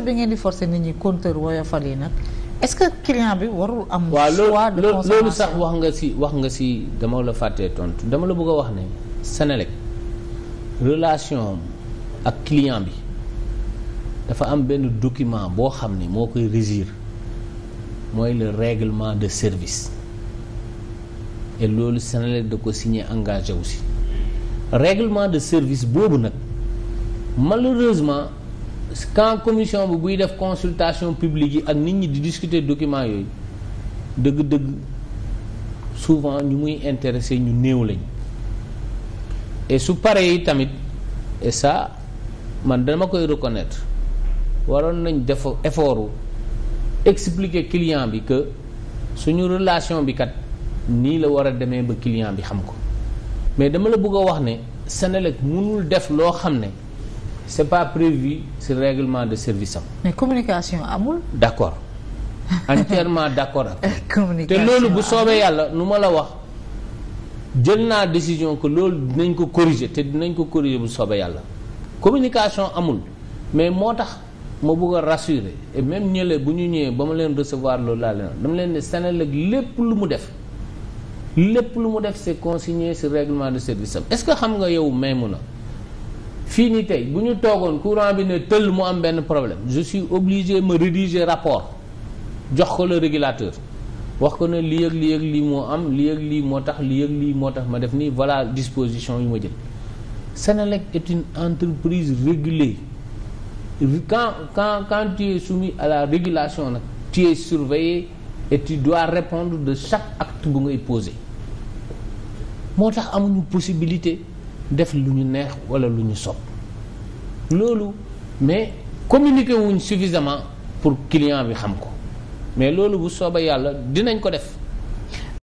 est-ce que bi ngeen di forcer nit ñi compteur woyofal yi nag est-ce que client bi warul am. choix de consommation loolu sax wax nga si wax nga si dama la fàttee tontu dama la bëgg a wax ne Senelec relation ak client bi dafa am benn document boo xam ne moo koy régir mooy le règlement de service te loolu Senelec da ko signé engagé si règlement de service boobu nag quand commission bi buy def consultation publique yi ak nit ñi di discuter document yooyu dëgg-dëgg souvent ñu muy intéressé ñu néew lañ et su paree yi tamit et sa man dama koy reconnaître waroon nañ def effort expliquer client bi que suñu relation bi kat nii la war a demee ba client bi xam ko mais dama la bëgg a wax ne Senelec mënul def loo xam ne c'est pas prévu sur règlement de service am. communication amul. d'accord entièrement d'accord ak. communication te loolu bu soobee yàlla nu ma la wax jël naa décision que loolu dinañ ko corriger te dinañ ko corriger bu soobee yàlla communication amul mais moo tax ma bugg a rassurer et même ñële bu ñu ñëwee ba ma leen recevoir loolu laa leen dama leen ne Senelec lépp lu mu def. lépp lu mu def se consigné sur règlement de service am est-ce que xam nga yow may mun a fii nii tey bu ñu toogoon courant bi ne tëll mu am benn problème je suis obligé ma rédiger rapport jox ko le régulateur wax ko ne li ak lii ak lii moo am lii ak lii moo tax lii ak lii moo tax ma def nii voilà disposition yu ma jël Senelec et une entreprise régulée quand quand quand tu es soumis à la régulation nag tu es surveillé et tu dois répondre de chaque acte bu ngay posé moo tax amuñu possibilité def lu ñu neex walla lu ñu sob loolu mais communiquer wuñ suffisamment pour client bi xam ko mais loolu bu soobee yàlla dinañ ko def